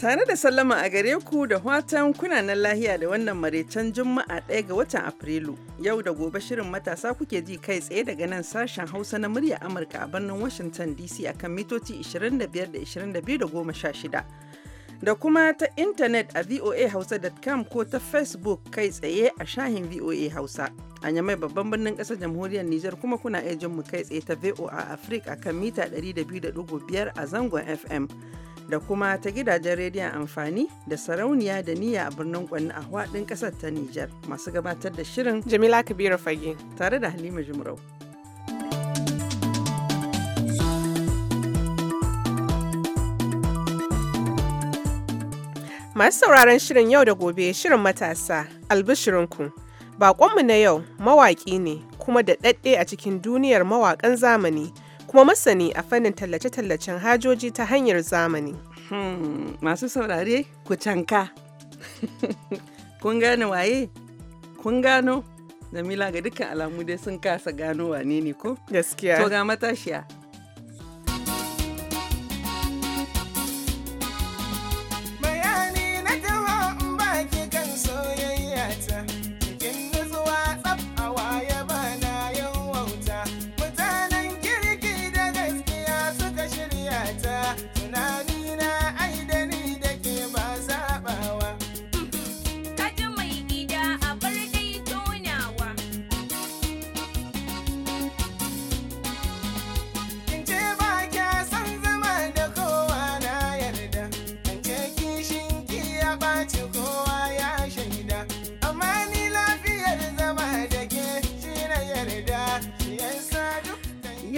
Tare da sallama a gare ku da watan kunanan lahiya da wannan maraicen Juma'a ɗaya ga watan Afrilu. Yau da gobe shirin matasa kuke ji kai tsaye daga nan sashen Hausa na murya Amurka a birnin Washington DC akan mitoci 25 da da kuma ta intanet a voa voahausa.com ko ta Facebook kai tsaye a shahin VOA Hausa. A yamai babban birnin ƙasar jamhuriyar Nijar kuma kuna iya jin mu kai tsaye ta VOA Africa akan mita 102.5 a zangon FM. da kuma ta gidajen rediyon amfani da sarauniya da niyya a birnin Kwanni a hwaɗin ƙasar ta Nijar masu gabatar da shirin Jamila Kabiru Fage tare da Halima Jumrau. Masu sauraron shirin yau da gobe shirin matasa albishirinku. Baƙonmu na yau mawaƙi ne kuma da ɗaɗɗe a cikin duniyar mawaƙan zamani. kuma masani a fannin tallace-tallacen hajoji ta hanyar zamani. Hmm, masu saurare ku canka. Kun gano waye? Kun gano? Jamila ga dukkan alamu dai sun kasa gano wane ne ko? Gaskiya. To ga matashiya.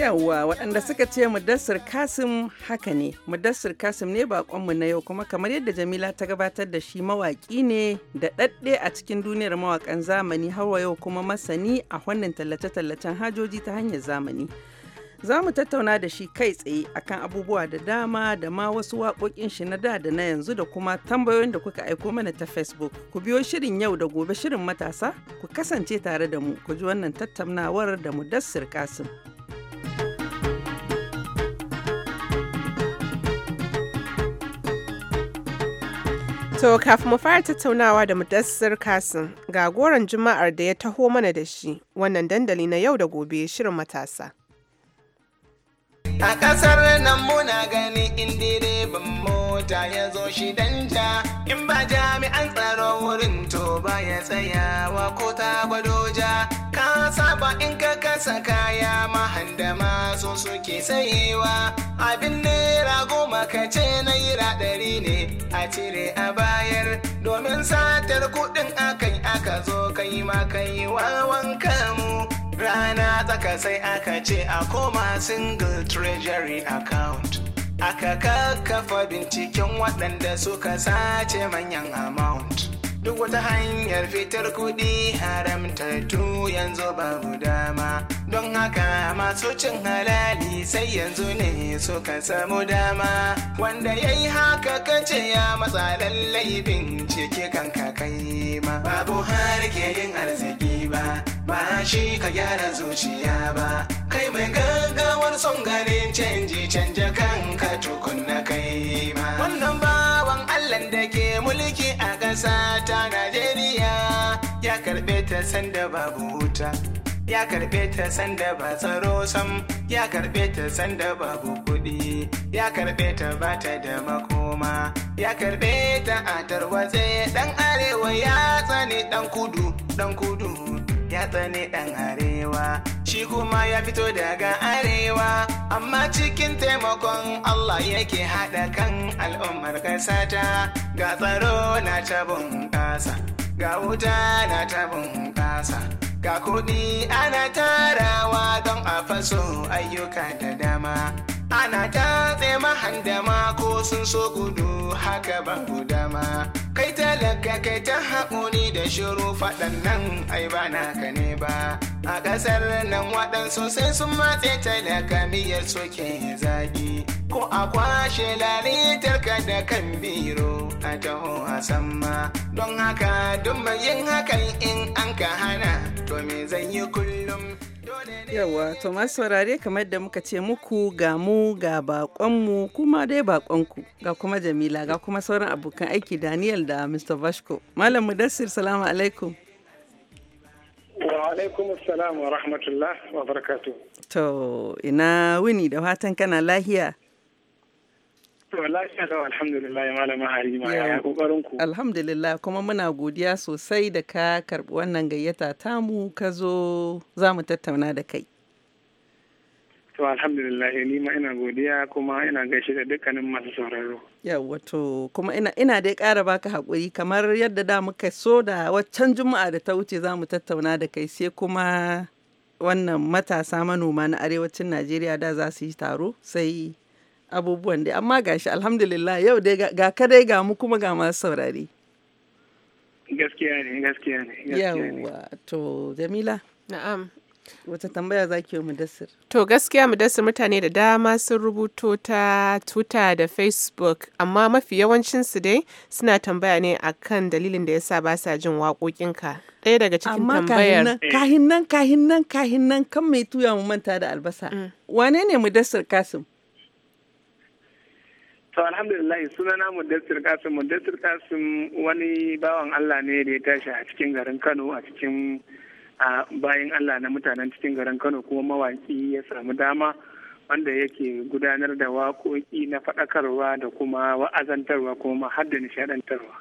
Yawwa waɗanda suka ce Mudassir Kasim haka ne. Mudassir Kasim ne baƙonmu na yau kuma kamar yadda Jamila ta gabatar da shi mawaƙi ne da ɗaɗɗe a cikin duniyar mawaƙan zamani hawa yau kuma masani a wannan tallace-tallacen hajoji ta hanyar zamani. Za mu tattauna da shi kai tsaye akan abubuwa da dama da ma wasu waƙoƙin shi na da da na yanzu da kuma tambayoyin da kuka aiko mana ta Facebook. Ku biyo shirin yau da gobe shirin matasa, ku kasance tare da mu, ku ji wannan tattaunawar da Mudassir Kasim. To kafin mu fara tattaunawa da mudassar kasin ga goron juma'ar da ya taho mana da shi wannan dandali na yau da gobe shirin matasa. A ƙasar nan muna gani in direban mota ya zo shi danja in ba jami'an tsaron wurin to ba ya tsayawa ko ta gwado ja in ka kasa kaya mahanda masu suke sayewa abin naira goma ka ce naira ɗari ne a cire a bayar domin satar kuɗin akai aka zo kai ma kai wawan kamu rana tsaka sai aka ce a koma single treasury account aka kakkafa binciken waɗanda suka sace manyan amount duk wata hanyar fitar kuɗi haramtattu yanzu babu dama don haka masu cin halali sai yanzu ne suka samu dama wanda ya yi haka ce ya matsa lallai bincike kanka kai ma babu har yin arziki ba ba shi ka gyara zuciya ba kai mai gaggawar son ganin canji canja kanka tukunna kai ma Allah da ke mulki a ƙasa ta Najeriya ya karɓe ta sanda babu wuta. Ya karɓe ta sanda ba tsaro sam, ya karɓe ta sanda babu kuɗi, ya karɓe ta ba ta da makoma, ya karɓe ta a tarwatse ɗan arewa ya tsane ɗan kudu, ɗan kudu ya tsane ɗan arewa. shi kuma ya fito daga arewa amma cikin taimakon Allah yake haɗa kan al'ummar ƙasata ga tsaro na ta bunƙasa ga wuta na ta bunƙasa ga kuɗi ana tarawa don a faso ayyuka da dama ana datse ma ko sun so gudu haka ban gudama kai talaka kai ta haƙuri da shiru faɗan nan ai ba na ne ba a ƙasar nan waɗansu sai sun matse talaka miyar suke zagi ko a kwashe lalitarka da kan biro a taho a sama don haka duk mai yin hakan in an ka hana to me zan yi kullum Yawa, Thomas ma saurare kamar da muka ce muku ga mu ga bakonmu kuma dai bakonku ga kuma Jamila ga kuma sauran abokan aiki Daniel da Mr. Vashko. Malam Mudassir, salamu alaikum. Wa alaikum wa rahmatullah wa barakatu. To, ina wuni da fatan kana lahiya. alhamdulillah kuma muna godiya sosai da ka karbi wannan gayyata tamu ka zo za mu tattauna da kai. To alhamdulillah eh, ni ma ina godiya kuma ina gaishe da dukkanin masu sauraro. Yawwa to kuma ina ina dai ƙara baka haƙuri kamar yadda da muka so da waccan juma'a da ta wuce za mu tattauna da kai sai kuma wannan matasa manoma na arewacin Najeriya da za su yi taro sai abubuwan dai amma gashi alhamdulillah yau dai ga ka dai ga mu kuma ga masu saurari gaskiya ne gaskiya ne yawa to jamila na'am wata tambaya za ki yi mudassir to gaskiya mudassir mutane da dama sun rubuto ta twitter da facebook amma mafi yawancinsu dai suna tambaya ne akan dalilin da ya sa ba sa jin waƙoƙinka ɗaya daga cikin tambayar amma kahin nan kahin nan kahin nan kan mai tuya mu manta da albasa mm. wane ne mudassir kasim To alhamdulillah sunana Mudassir Kasim Mudassir Kasim wani bawan Allah ne da ya tashi a cikin garin Kano a cikin bayan Allah na mutanen cikin garin Kano kuma mawaki ya samu dama wanda yake gudanar da waƙoƙi na faɗakarwa da kuma wa'azantarwa kuma har da nishaɗantarwa.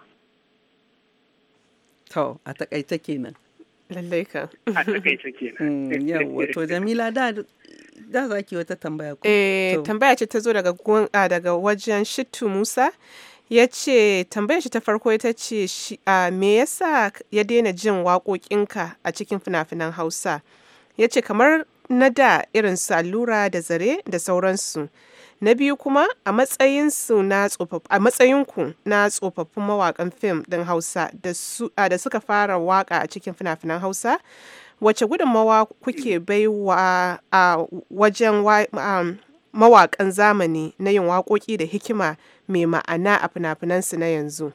To a takaita kenan. Lallai ka. A mm, to Jamila da za ki wata tambaya ko? Eh tambaya ce ta zo daga daga wajen Shittu Musa. ya ce tambaya shi ta farko ya ce me yasa ya daina jin waƙoƙinka a cikin fina-finan hausa ya ce kamar na da irin su allura da zare da sauransu na biyu kuma a matsayinku na tsofaffin mawakan fim ɗin hausa da suka fara waka a cikin fina-finan hausa wace gudunmawa kuke baiwa a wajen mawakan zamani na yin waƙoƙi da hikima mai ma'ana a fina-finansu na yanzu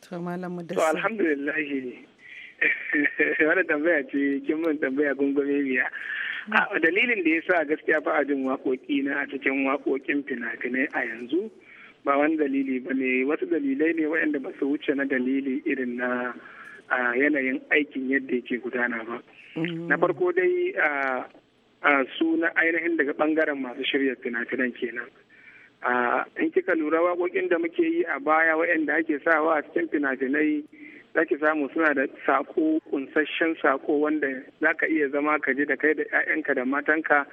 to alhamdulillah wani tambaya ce kin mun tambaya gungumi biya A dalilin da ya sa gaskiya fa a jin waƙoƙi na a cikin waƙoƙin fina-finai a yanzu ba wani dalili ba ne wasu dalilai ne waɗanda ba su wuce na dalili irin na yanayin aikin yadda yake gudana ba mm. na farko dai su na ainihin daga ɓangaren masu shirya fina-finan kenan in kika lura waƙoƙin da muke yi a baya waɗanda ake sawa a cikin fina-finai zaki samu suna da sako kunsashen sako wanda zaka iya zama ka ji da kai da 'ya'yanka da matanka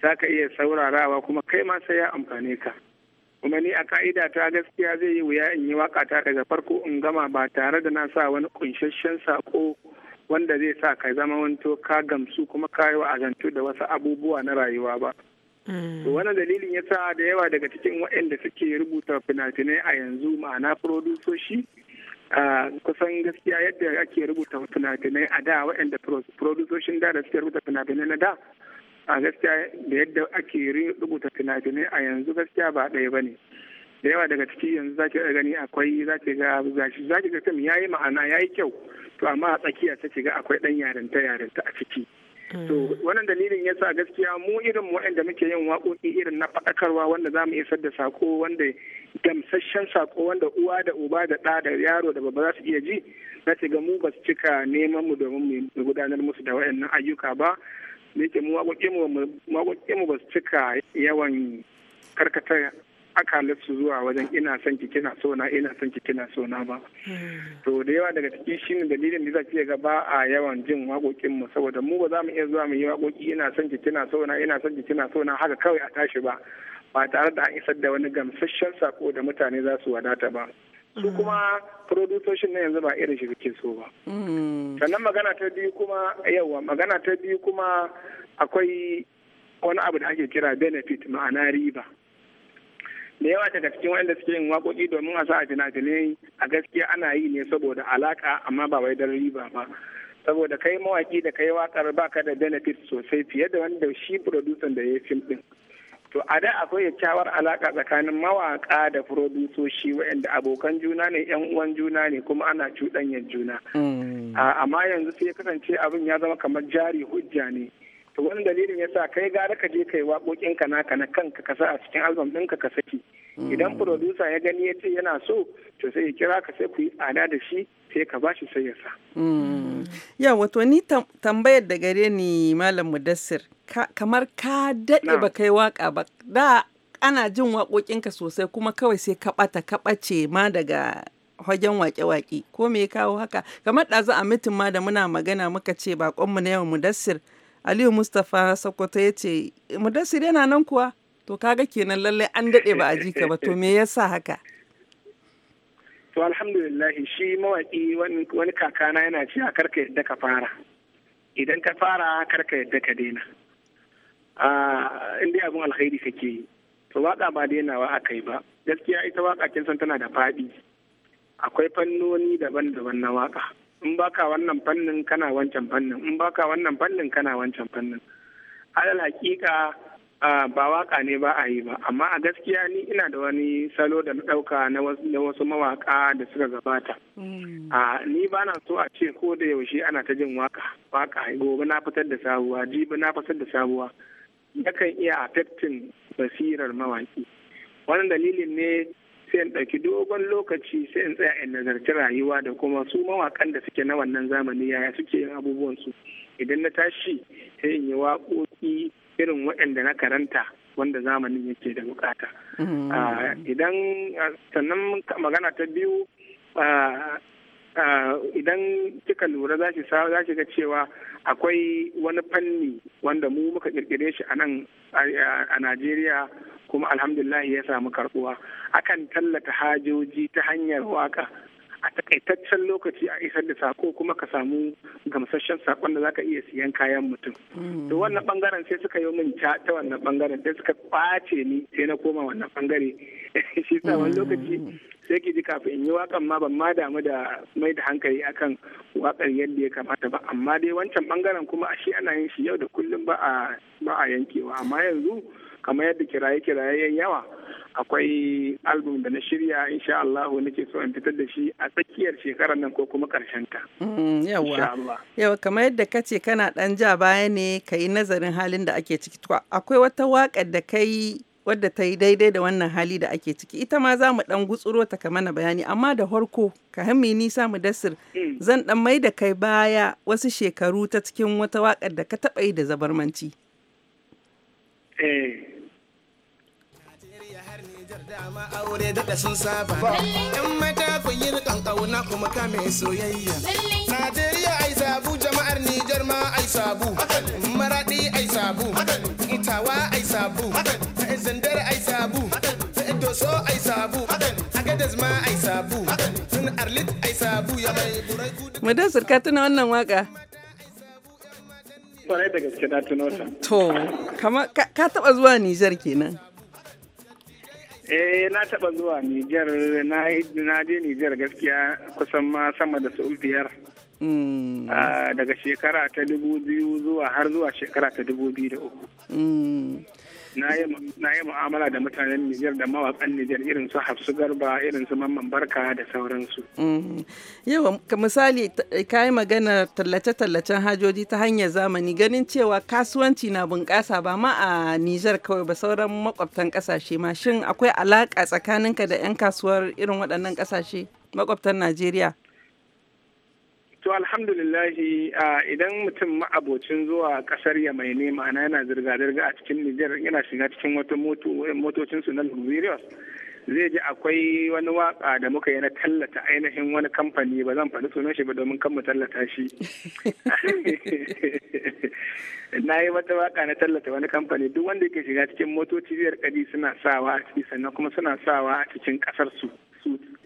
ka iya saurarawa kuma kai ma sai ya amfane ka kuma ni a ka'ida ta gaskiya zai yi wuya in yi waka ta daga farko in gama ba tare da na sa wani kunsashen sako wanda zai sa ka zama wanto ka gamsu kuma ka yi wa'azantu da wasu abubuwa na rayuwa ba. Mm. To wani dalilin ya sa da yawa daga cikin waɗanda suke rubuta fina-finai a yanzu ma'ana furodusoshi kusan gaskiya yadda ake rubuta fina-finai a da waɗanda producers da da suke rubuta fina-finai na da a gaskiya da yadda ake rubuta fina-finai a yanzu gaskiya ba ɗaya ba ne da yawa daga ciki yanzu za ki gani akwai za ki ga za ki ga ya yi ma'ana ya yi kyau to amma a tsakiya ta ga akwai ɗan yarinta yarinta a ciki to wannan dalilin yasa gaskiya mu irin waɗanda muke yin waƙoƙi irin na faɗakarwa wanda za mu isar da sako wanda gamsasshen sako wanda uwa da uba da ɗa da yaro da babba za su iya ji na ga mu ba su cika neman mu domin mu gudanar musu da waɗannan ayyuka ba da yake mu waƙoƙi mu ba su cika yawan karkata akalarsu zuwa wajen ina son ki kina so na ina son ki kina so na ba hmm. to da yawa daga ciki shine dalilin da zaki ga ba a yawan jin waƙoƙin mu saboda mu ba za mu iya zuwa mu yi waƙoƙi ina son ki kina so na ina son ki kina so na haka kawai a tashi ba ba tare da an isar da wani gamsasshen sako da mutane za su wadata ba su hmm. kuma produsoshin na yanzu ba irin shi suke so ba hmm. sannan magana ta biyu kuma yawa magana ta biyu kuma akwai wani abu da ake kira benefit ma'ana riba da yawa daga cikin wanda suke yin waƙoƙi domin a sa a fina-finai a gaskiya ana yi ne saboda alaka amma ba wai don riba ba saboda kai mawaƙi da kai wakar baka da benefit sosai fiye da wanda shi producer da ya yi fim ɗin to a da akwai kyakkyawar alaka tsakanin mawaƙa da furodusoshi waɗanda abokan juna ne yan uwan juna ne kuma ana cuɗanyar juna mm. amma yanzu sai ya kasance abin ya zama kamar jari hujja ne to wani dalilin yasa kai gara ka je kai waƙoƙin ka naka na kanka ka sa a cikin album ɗinka ka saki mm. idan producer ya gani ya ce yana so to sai ya kira ka sai ku yi tsada da shi sai ka bashi sai ya sa. Mm. Ya wato ni tambayar da gare ni Malam Mudassir kamar ka daɗe ba kai waƙa ba da ana jin ka sosai kuma kawai sai ka ɓata ka ɓace ma daga hagen waƙe-waƙe ko me ya kawo haka kamar ɗazu a mitin ma da muna magana muka ce baƙonmu na yau Mudassir. Aliyu Mustapha Sokoto ya ce, Mudassir yana nan kuwa? To kaga kenan lallai an daɗe ba a ji ka ba, to me yasa haka? To alhamdulillah shi mawaƙi wani kakana yana a karka yadda ka fara. Idan ka fara karka yadda ka daina. In dai abin alkhairi kake yi. To waka ba dainawa a kai ba. Gaskiya ita waka kin san tana da faɗi. Akwai fannoni daban-daban na waƙa. in baka wannan fannin kana wancan fannin in baka wannan fannin kana wancan fannin alal hakika ba waka ne ba a yi ba amma a gaskiya ni ina da wani salo da na ɗauka na wasu mawaka da suka gabata mm. ni ba na so a ce ko da yaushe ana ta jin waka waka gobe na fitar da sabuwa jibi na fitar da sabuwa yakan iya affecting basirar mawaki wannan dalilin ne sai in ɗauki dogon lokaci sai in tsaya in nazarci rayuwa da kuma su mawakan da suke na wannan zamani yaya suke yin abubuwan su idan na tashi sai in yi waƙoƙi irin waɗanda na karanta wanda zamanin yake da bukata mm. ah, idan ah, sannan magana ta biyu ah, idan kika lura za ki za ki ga cewa akwai wani fanni wanda mu muka kirkire shi a nan a Najeriya kuma alhamdulillah ya samu karbuwa akan tallata hajoji ta hanyar waka a takaitaccen lokaci a isar da sako kuma ka samu gamsasshen sakon da zaka iya siyan kayan mutum to mm. wannan bangaren sai suka yi min ta ta wannan bangaren sai suka kwace ni sai na koma wannan bangare shi sa wani mm. lokaci sai ki ji kafin in yi wakan ma ban ma damu da mai da hankali akan wakar yadda ya kamata ba amma dai wancan bangaren kuma a shi ana yin shi yau da kullum ba a ba a yankewa amma yanzu kamar yadda kiraye kiraye yawa akwai album da na shirya insha Allah nake so in fitar da shi a tsakiyar shekarar nan ko kuma karshen ta. Yawa. Mm, yawa kamar yadda kace kana dan ja baya ne ka yi nazarin halin da ake ciki. Akwai wata waƙar da kai wadda ta yi daidai da wannan hali da ake ciki ita ma za mu dan gutsuro ta ka mana bayani amma da harko ka hammi nisa mu dasir mm. zan dan mai da kai baya wasu shekaru ta cikin wata wakar da ka taɓa yi da zabarmanci. Eh. dama aure kan kauna kuma ka mai soyayya Najeriya ai sabu jama'ar Nijar ma ai sabu Maradi ai sabu Itawa ai sabu Zandar ai sabu Doso ai sabu Agadez ma ai sabu Tun Arlit ai sabu ya mai burai kudu Madasar ka tuna wannan waka Kwarai da gaske na tuno ta To, ka taɓa zuwa Nijar kenan. Eh na taɓa zuwa Nijar na je Nijar gaskiya kusan ma sama da sau biyar. Mm. Ah, daga shekara ta dubu biyu zuwa har zuwa shekara ta dubu biyu da uku. Mm. na yi mu'amala da mutanen Nijar da mawakan Nijar irin su Hafsu Garba irin su Mamman Barka da sauransu. Mm-hmm. Yawa misali ka yi magana tallace-tallacen hajoji ta hanyar zamani ganin cewa kasuwanci na bunƙasa ba ma a Nijar kawai ba sauran makwabtan kasashe ma shin akwai alaƙa tsakaninka da 'yan kasuwar irin waɗannan ƙasashe makwabtan Najeriya? To alhamdulillahi idan mutum ma'abocin zuwa kasar mai nema na yana zirga-zirga a cikin Nijar yana shiga cikin wata motocin su na luxurious zai ji akwai wani waka da muka yi na tallata ainihin wani kamfani ba zan faɗi sunan shi ba domin kan mu tallata shi. Na yi wata waka na tallata wani kamfani duk wanda yake shiga cikin motoci zai kadi suna sawa a ciki sannan kuma suna sawa a cikin kasar su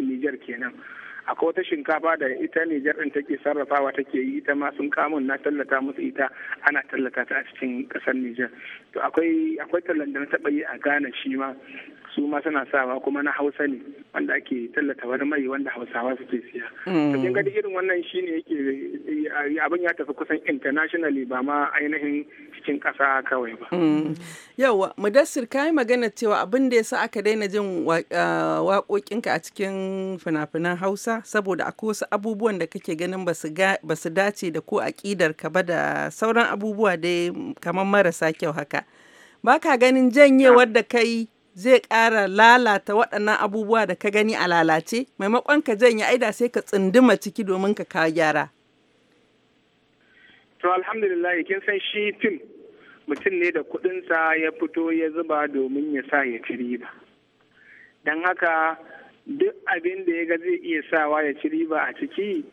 Nijar kenan. akwai wata shinkafa da ita Nijar din take sarrafawa take yi ita ma sun kamun na tallata musu ita ana tallata ta a cikin kasar Nijar to akwai akwai tallan da na taba yi a Ghana shi ma su ma suna sawa kuma na hausa ne wanda ake tallata wani mai wanda hausawa suke siya mm. to gadi irin wannan shine yake eh, abin ya tafi kusan internationally ba ma ainihin cikin kasa kawai ba mm. yau mudassir ka yi magana cewa abin da ya sa aka daina jin ah, waƙoƙinka a cikin fina-finan hausa saboda akwai wasu abubuwan da kake ganin ba su dace da ko aƙidar ka ba da sauran abubuwa dai kamar marasa kyau haka ba ka ganin janyewar da kai zai ƙara lalata waɗannan abubuwa da ka gani a lalace maimakon ka janye aida sai ka tsunduma ciki domin ka kawo gyara. To alhamdulillah kin san shi fim mutum ne da kuɗinsa ya fito ya zuba domin ya sa ya ci riba. Don haka duk abin da ya ga zai iya sawa ya ci riba a ciki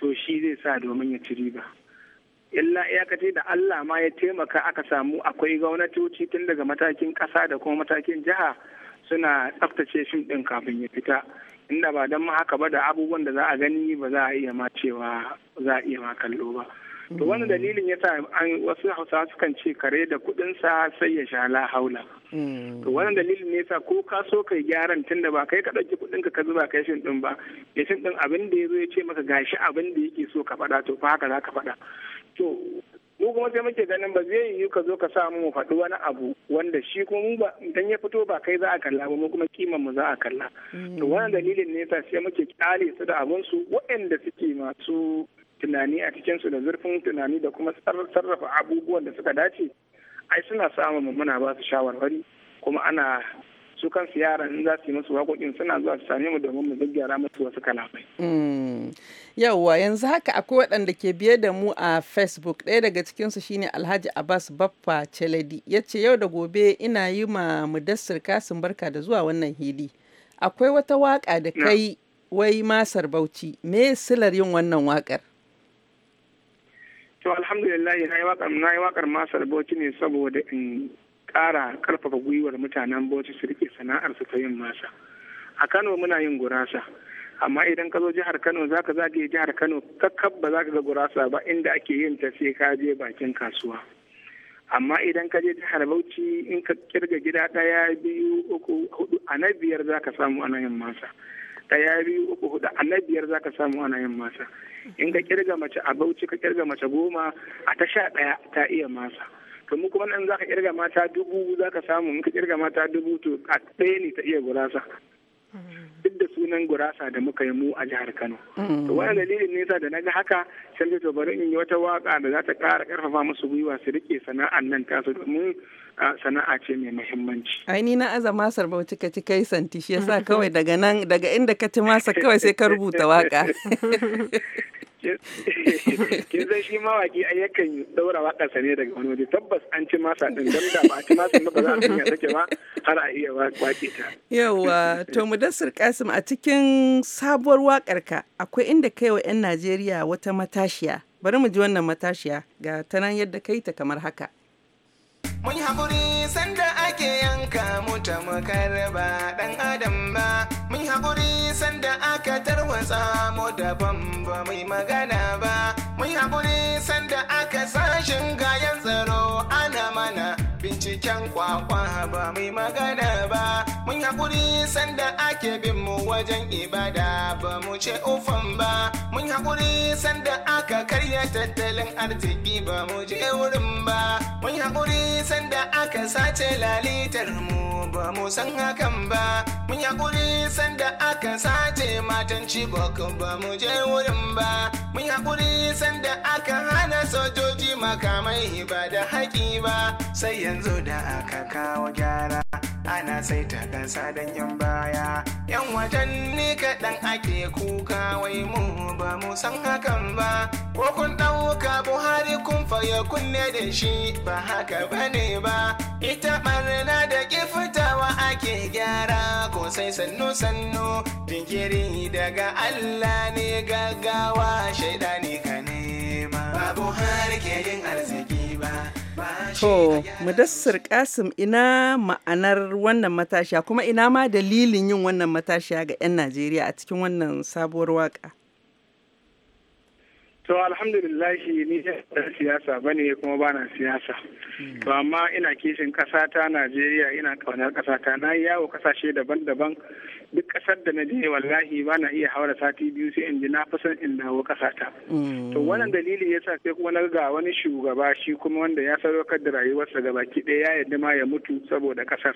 to shi zai sa domin ya ci riba. illa iyakace da Allah ma ya taimaka aka samu akwai gwamnatoci tun daga matakin ƙasa da kuma matakin jiha suna tsaftace fim ɗin kafin ya fita inda ba don haka ba da abubuwan da za a gani ba za a iya ma za a iya ma kallo ba to wani mm. dalilin ya sa wasu hausawa sukan ce kare da sa sai ya sha la haula mm. to wani dalilin ne sa ko ka so kai gyaran tun da ba kai ka ɗauki kuɗin ka zuba kai shin ɗin ba ya shin ɗin abin da ya zo ya ce maka gashi abin da yake so ka faɗa to fa haka za ka faɗa to mu kuma sai muke ganin ba zai yi ka zo ka sa mu faɗi wani abu wanda shi kuma mu ba idan ya fito ba kai za a kalla ba mu kuma kiman mu za a kalla to mm. wannan dalilin ne sai muke kyale su da abun su waɗanda suke masu tunani a cikin su da zurfin tunani da kuma sarrafa abubuwan da suka dace ai suna samun muna ba su shawarwari kuma ana su kansu yaran za su yi musu waƙoƙin suna zuwa su same mu domin mu gyara musu wasu kalamai. Mm. Yawwa yanzu haka akwai waɗanda ke biye da mu a Facebook ɗaya daga cikinsu shine Alhaji Abbas Baffa Chaladi ya ce yau da gobe ina yi ma Mudassir kasin barka da zuwa wannan hili. Akwai wata waƙa da kai wai masar bauchi me silar yin wannan waƙar? To alhamdulillah na yi waƙar masar bauchi ne saboda in kara karfafa gwiwar mutanen bauchi su rike sana'ar su ta yin masa a kano muna yin gurasa amma idan ka zo jihar kano za ka zagaye jihar kano kakkab ba za ka ga gurasa ba inda ake yin ta sai ka je bakin kasuwa amma idan ka je jihar bauchi in ka kirga gida ɗaya biyu uku hudu a na biyar za ka samu ana yin masa ɗaya biyu uku hudu a na biyar za ka samu ana yin masa in ka kirga mace a bauchi ka kirga mace goma a tasha ɗaya ta iya masa ka mu kuma nan zaka kirga mata dubu zaka samu in kirga mata dubu to a ɗaya ne ta iya gurasa duk da sunan gurasa da muka yi mu a jihar Kano to wannan dalilin nesa da naga haka sai to bari in yi wata waka da za ta ƙara ƙarfafa musu gwiwa su rike sana'an nan su domin sana'a ce mai muhimmanci. Ai ni na azama masar bauchi ka ci kai santi shi yasa kawai daga nan daga inda ka ci masa kawai sai ka rubuta waka. kin san shi mawaki ai yakan daura waka ne daga wani waje tabbas an ci masa din dan da ba a ci masa ba za a sanya take ba har a iya wake ta yawa to mudassir kasim a cikin sabuwar wakar ka akwai inda kai wa yan Najeriya wata matashiya bari mu ji wannan matashiya ga tanan yadda kai ta kamar haka mun haƙuri sanda ake yanka muta makar ba ɗan adam ba mun haƙuri sanda aka tarwatsa mu daban ba mai magana ba mun haƙuri sanda aka sashin gayan tsaro ana mana binciken kwakwa ba mai magana ba mun haƙuri sanda ake bin mu wajen ibada ba mu ce ufan ba mun haƙuri sanda aka karya tattalin arziki ba mu je wurin ba haƙuri sanda aka sace lalitar mu ba mu san hakan ba mun haƙuri sanda aka sace matan cibok ba mu je wurin ba mun haƙuri sanda aka hana sojoji makamai ba da haƙi ba sai yanzu da aka kawo gyara ana saita ƙasa don yan baya yan watanni kaɗan ake kuka wai mu ba mu san hakan ba ko kun ɗauka buhari kun ya kunne da shi ba haka ba ne ba ita ɓarna da fitawa ake gyara ko sai sannu sannu digiri daga allah ne gaggawa shaida ne ka nema ba buhari ke yin arziki To, Mudassir Kasim ina ma'anar wannan matashiya kuma ina ma dalilin yin wannan matashiya ga 'yan Najeriya a cikin wannan sabuwar waka. to alhamdulillah ni ɗan siyasa ba ne kuma ba na siyasa hmm. to amma ina kishin ƙasa ta najeriya ina ƙaunar ƙasa ta na yawo ƙasashe daban-daban duk ƙasar da na je wallahi ba na iya haura sati biyu sai in ji na fasan in dawo ƙasa ta hmm. to wannan dalili ya sa sai kuma na ga wani shugaba shi kuma wanda ya sadaukar da rayuwarsa gaba baki ɗaya ya yarda ma ya mutu saboda ƙasar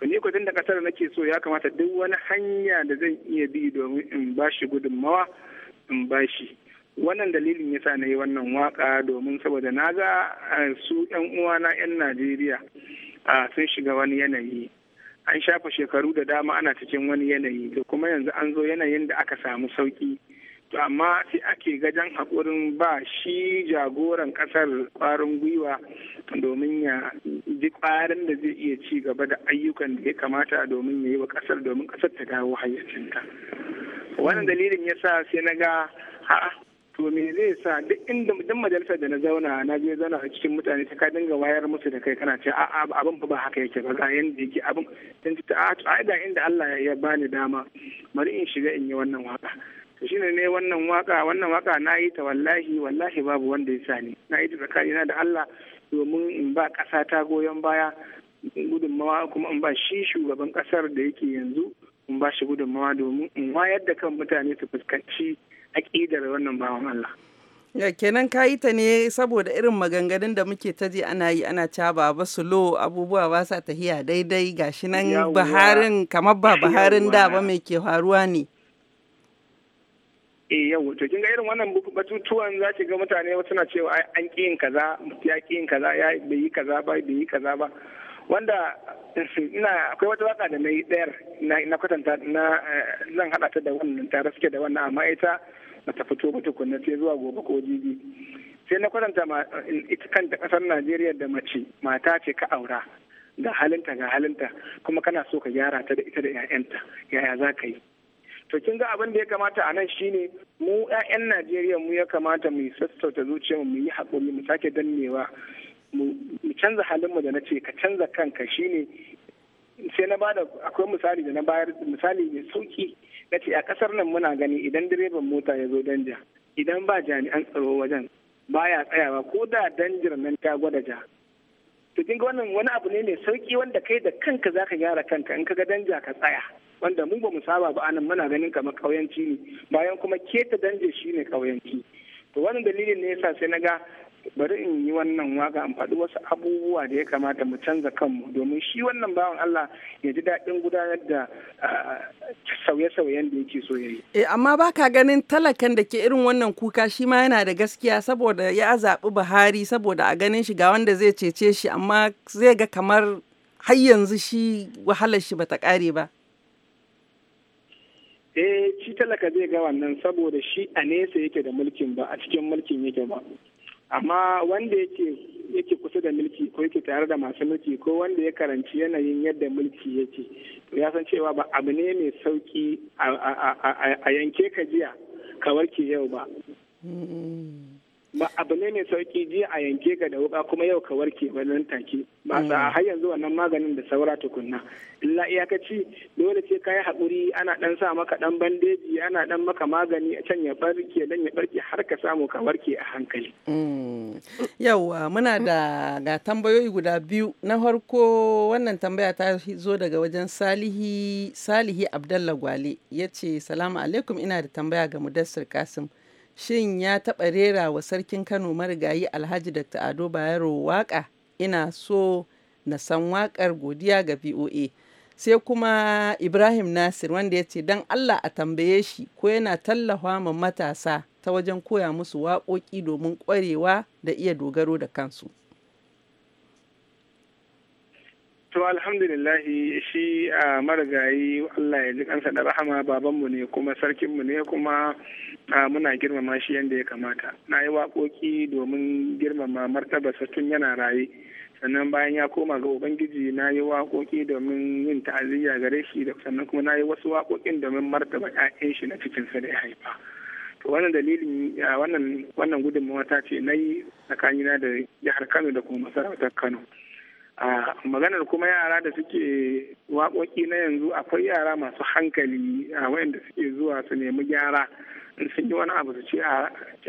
to ni kudin da ƙasar nake so ya kamata duk wani hanya da zan iya bi domin in ba shi gudunmawa in ba shi wannan dalilin yasa na yi wannan waka domin saboda na ga eh, su 'yan uwana 'yan najeriya ah, sun shiga wani yanayi an shafa shekaru da dama ana cikin wani yanayi to kuma yanzu an zo yanayin da aka samu sauki to amma sai ake gajan haƙurin ba shi jagoran ƙasar ƙwarin gwiwa domin ya ji ƙwarin da zai iya ci gaba da ayyukan da ya kamata domin ya yi wa ƙasar domin ƙasar ta dawo hayyacinta wannan dalilin ya sa sai na ga to me zai sa duk inda mutum majalisar da na zauna na je zauna a cikin mutane ta ka dinga wayar musu da kai kana ce a'a abin ba haka yake ba ga yanda yake abin tun ta a ga inda Allah ya bani dama bari in shiga in yi wannan waka to shine ne wannan waka wannan waka na yi ta wallahi wallahi babu wanda ya sani na yi ta tsakanina da Allah domin in ba ƙasa ta goyon baya gudunmawa kuma in ba shi shugaban ƙasar da yake yanzu in ba shi gudunmawa domin in wayar da kan mutane su fuskanci aƙidar wannan bawan Allah. Ya kenan ka yi ta ne saboda irin maganganun da muke ta je ana yi ana caba ba lo abubuwa ba sa tahiya daidai gashi nan baharin kamar ba baharin da ba mai ke faruwa ne. E eh, yau to kin ga irin wannan batutuwan za ki ga mutane suna cewa an ƙi yin kaza ya ƙi yin kaza ya bai yi kaza ba bai yi kaza ba wanda ina akwai wata waka da na yi ɗayar na kwatanta na eh, zan haɗa ta da wannan tare suke da wannan amma ita bata fito ba tukunna sai zuwa gobe ko jibi sai na kwatanta ita kanta ƙasar najeriya da mace mata ce ka aura ga halinta ga halinta kuma kana so ka gyara ta da ita da 'ya'yanta yaya za ka yi to kin ga abin da ya kamata a nan shine mu 'ya'yan najeriya mu ya kamata mu sassauta zuciyarmu mu yi haƙuri mu sake dannewa mu canza halinmu da na ce ka canza kanka shine sai na bada akwai misali da na bayar misali mai sauki na ce a kasar nan muna gani idan direban mota ya zo danja idan ba jami'an tsaro wajen baya tsayawa ko da danjar nan ta gwada ja to kin wannan wani abu ne mai sauki wanda kai da kanka zaka gyara kanka in ka ga danja ka tsaya wanda mu ba mu saba ba anan muna ganin kamar kauyanci ne bayan kuma keta danje shine kauyanci to wannan dalilin ne yasa sai na ga bari in yi wannan waka in faɗi wasu abubuwa da ya kamata mu canza kanmu domin shi wannan bawan Allah ya ji daɗin gudanar da sauye-sauyen da yake so ya Eh amma ba ka ganin talakan da ke irin wannan kuka shi ma yana da gaskiya saboda ya zaɓi Buhari saboda a ganin shi ga wanda zai cece shi amma zai ga kamar har yanzu shi wahalar shi bata ƙare ba. Eh, shi talaka zai ga wannan saboda shi a nesa yake da mulkin ba a cikin mulkin yake ba. amma wanda yake yake kusa da mulki ko yake tare da masu mulki ko wanda ya karanci yanayin yadda mulki yake to ya san cewa ba abu ne mai sauki a yanke ka jiya ka warke yau ba ba abu ne mai sauki jiya a yanke ka da wuka kuma yau ka warke nan take ba sa mm. har yanzu wannan maganin da saura tukunna illa iyakaci dole ce kai hakuri ana dan sa maka dan bandeji ana dan maka magani a can ya barke dan ya barke har ka samu ka warke a hankali mm. yauwa muna da ga tambayoyi guda biyu na farko wannan tambaya ta zo daga wajen Salihi Salihi Abdallah Gwale yace salamu alaikum ina da tambaya ga Mudassir Kasim Shin ya taɓa rera wa sarkin Kano marigayi Alhaji Dr. Ado Bayero waƙa ina so na san waƙar godiya ga VOA. Sai kuma Ibrahim Nasir wanda ya ce don Allah a tambaye shi ko yana tallafa ma matasa ta wajen koya musu waƙoƙi domin ƙwarewa da iya dogaro da kansu. To alhamdulillahi shi a marigayi Allah ya ji kansa da rahama babanmu ne kuma sarkinmu ne kuma muna girmama shi yadda ya kamata. Na yi waƙoƙi domin girmama martaba tun yana raye. sannan bayan ya koma ga ubangiji na yi waƙoƙi domin yin ta'aziyya gare shi sannan kuma na yi wasu wakokin domin martaba 'ya'yan shi na cikinsa da ya haifa to wannan dalilin wannan wannan gudunmawa ta ce na yi tsakanina da jihar kano da kuma masarautar kano a maganar kuma yara da suke waƙoƙi na yanzu akwai yara masu hankali a wayanda suke zuwa su nemi gyara in sun yi wani abu su ce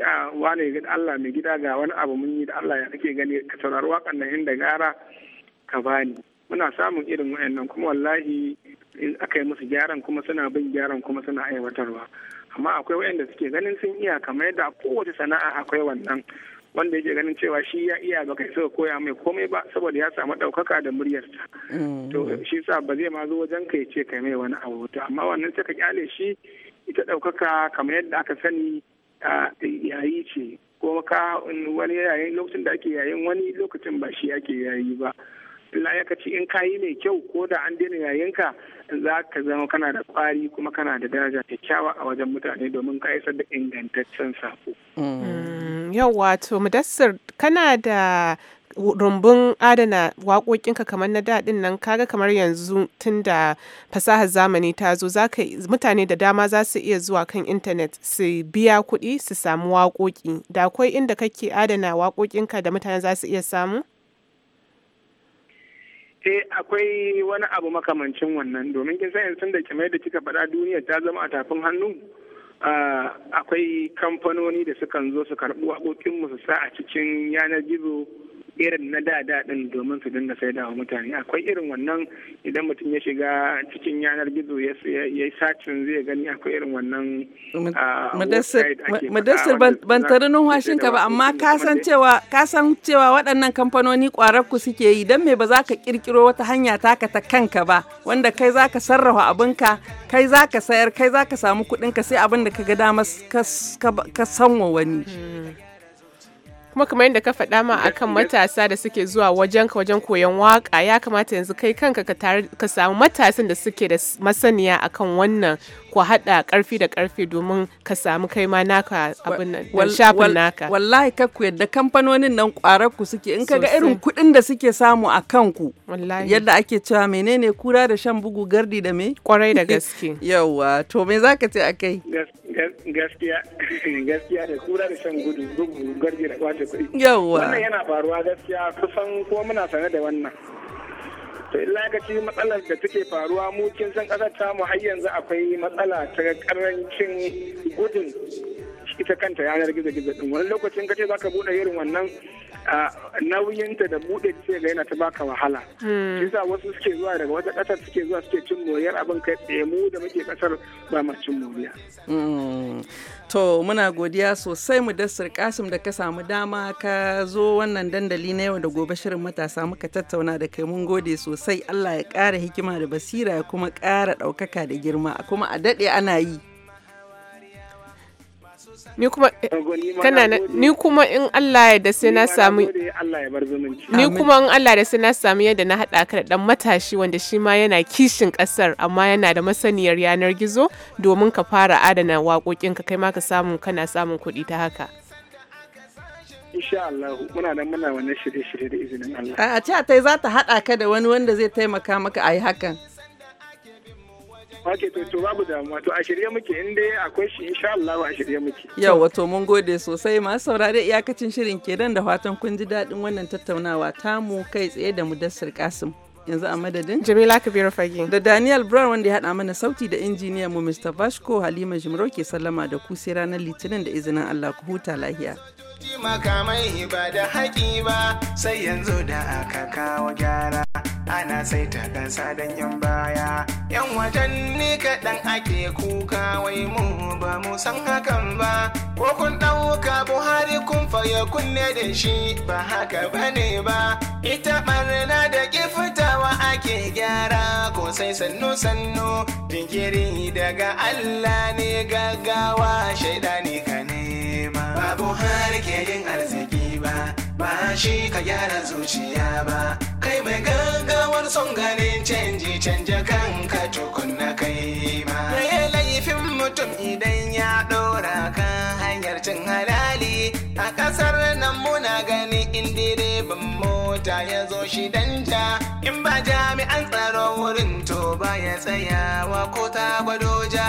a wane ga Allah mai gida ga wani abu mun yi da Allah ya ake gani ka saurari waƙan nan inda gyara ka bani muna samun irin wayannan kuma wallahi in aka yi musu gyaran kuma suna bin gyaran kuma suna aiwatarwa amma akwai wayanda suke ganin sun iya kamar yadda kowace sana'a akwai wannan wanda yake ganin cewa shi ya iya ba kai suka koya mai komai ba saboda ya samu ɗaukaka da muryarsa mm. to shi sa ba zai ma zo wajen ka ya ce kai mai wani abu to amma wannan ta ka kyale shi ita ɗaukaka kamar yadda aka sani yayi ce ko ka wani yayin lokacin da ake yayin wani lokacin ba shi ake yayi ba illa ya kaci in kayi mai kyau ko da an daina yayinka za ka zama kana da kwari kuma kana da daraja kyakkyawa a wajen mutane domin ka isar da ingantaccen sako. Mm. Mm. Yauwa to Mudassir kana da rumbun adana waƙoƙinka kamar na daɗin nan kaga kamar yanzu tun da fasahar zamani ta zo mutane da dama za su iya zuwa kan intanet su biya kuɗi su samu waƙoƙi da akwai inda kake adana waƙoƙinka da mutane za su iya samu? eh akwai wani abu makamancin wannan domin kin san yanzu da kimai da kika faɗa duniya ta zama a tafin hannu akwai kamfanoni da sukan zo su karɓi waƙoƙinmu su sa a cikin yanar gizo irin na da da din domin su dinga sai dawa mutane akwai irin wannan idan mutum ya shiga cikin yanar gizo ya ya sacin zai gani akwai irin wannan madassir ah, ban tare numfashin ka ba amma ka san cewa ka san cewa waɗannan kamfanoni ƙwarar ku suke yi dan me ba za ka kirkiro wata hanya taka ta kanka ba wanda kai za ka sarrafa abinka kai za ka sayar kai za ka samu kuɗinka sai abin da ka ga dama ka sanwa wani. Hmm. kuma kamar yadda ka faɗa ma akan matasa da suke zuwa wajen ka wajen koyon waka ya kamata yanzu kai kanka ka samu matasan da suke da masaniya akan wannan ku haɗa ƙarfi da ƙarfi domin ka samu kai ma naka abin nan shafin naka wallahi kar ku yadda kamfanonin nan ƙwarar ku suke in ka ga irin kuɗin da suke samu a kanku yadda ake cewa menene kura da shan bugu gardi da me kwarai da gaske yawa to me zaka ce akai gaskiya gaskiya da kura da shan gudu bugu gardi da kwace kuɗi yawa wannan yana faruwa gaskiya kusan ko muna sane da wannan to illa ka matsalar da take faruwa mu kin san kasar tamu har yanzu akwai matsala ta karancin gudun ita kanta yanar gizo-gizo din wani lokacin kace zaka bude irin wannan nauyinta da bude ce ga yana ta baka wahala hmm. yasa wasu suke zuwa daga wata kasar suke zuwa suke cin moriyar abin kai tsaye mu da muke kasar ba mu cin moriya hmm. to muna godiya sosai mu dasir kasim da ka samu dama ka zo wannan dandali na yau da gobe shirin matasa muka tattauna da kai mun gode sosai Allah ya kara hikima da basira ya kuma kara ɗaukaka da girma kuma a dade ana yi ni kuma eh, kana ni kuma in Allah ya da sai na samu ni kuma in Allah da sai na samu yadda na hada ka da dan matashi wanda shi ma yana kishin kasar amma yana da masaniyar yanar gizo domin ka fara adana waƙoƙin ka kai ma ka samu kana samun kuɗi ta haka insha Allah muna nan muna wannan shirye-shirye da izinin Allah a ce ta za ta hada ka da wani wanda zai taimaka maka a yi hakan Wake to to babu damuwa to a shirye muke in akwai shi insha Allah a shirye muke. yau wato mun gode sosai masu saurare iyakacin shirin kenan da fatan kun ji daɗin wannan tattaunawa tamu kai tsaye da Mudassir Kasim. yanzu a madadin Jamila Kabiru Fage da Daniel Brown wanda ya haɗa mana sauti da injiniya mu Mr. Vasco Halima Jimro ke sallama da ku sai ranar Litinin da izinin Allah ku huta lahiya. Makamai ba da haƙi ba sai yanzu da aka kawo gyara. ana saita ƙasa don yan baya yan watanni kaɗan ake kuka wai mu ba mu san hakan ba ko kun ɗauka buhari kun faya kunne da shi ba haka ba ne ba ita ɓarna da kifitawa ake gyara ko sai sannu sannu jinkiri daga allah ne gaggawa shaidani ka nema ba buhari ke yin arziki ba ba shi ka gyara zuciya ba kai mai gaggawar son ganin canji canja kanka tukunna kai ma raye laifin mutum idan ya ɗora kan hanyar cin halali a ƙasar nan muna gani in direban mota ya zo shi danja in ba jami'an tsaro wurin to ba ya tsayawa ko ta gwadoja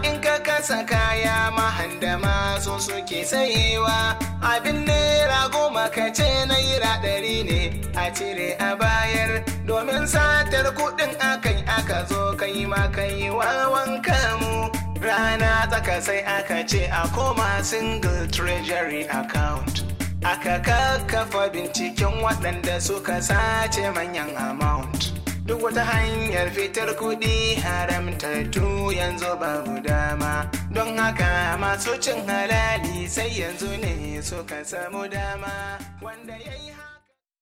in ka kasa kaya mahandama sun suke sayewa abin naira goma ka ce naira ɗari ne a cire a bayar domin satar kuɗin akai aka zo kai ma kai wawan kamu rana tsaka sai aka ce a koma single treasury account aka kakkafa binciken waɗanda suka sace manyan amount duk wata hanyar fitar kuɗi tu yanzu babu dama don haka masu cin halali sai yanzu ne suka samu dama wanda ya yi